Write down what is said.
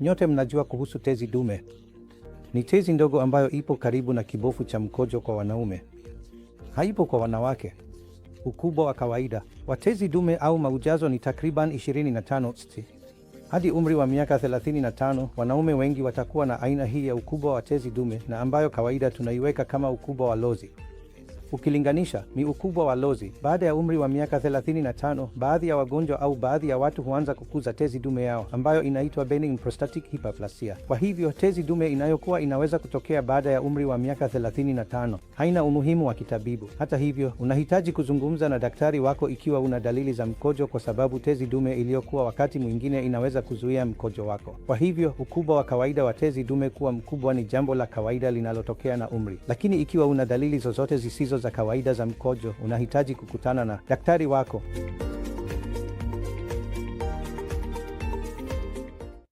Nyote mnajua kuhusu tezi dume. Ni tezi ndogo ambayo ipo karibu na kibofu cha mkojo kwa wanaume, haipo kwa wanawake. Ukubwa wa kawaida wa tezi dume au maujazo ni takriban 25 st. Hadi umri wa miaka 35 wanaume wengi watakuwa na aina hii ya ukubwa wa tezi dume, na ambayo kawaida tunaiweka kama ukubwa wa lozi. Ukilinganisha ni ukubwa wa lozi. Baada ya umri wa miaka 35, baadhi ya wagonjwa au baadhi ya watu huanza kukuza tezi dume yao ambayo inaitwa benign prostatic hyperplasia. Kwa hivyo tezi dume inayokuwa inaweza kutokea baada ya umri wa miaka 35 haina umuhimu wa kitabibu. Hata hivyo, unahitaji kuzungumza na daktari wako ikiwa una dalili za mkojo, kwa sababu tezi dume iliyokuwa wakati mwingine inaweza kuzuia mkojo wako. Kwa hivyo, ukubwa wa kawaida wa tezi dume kuwa mkubwa ni jambo la kawaida linalotokea na umri, lakini ikiwa una dalili zozote zisizo za kawaida za mkojo, unahitaji kukutana na daktari wako.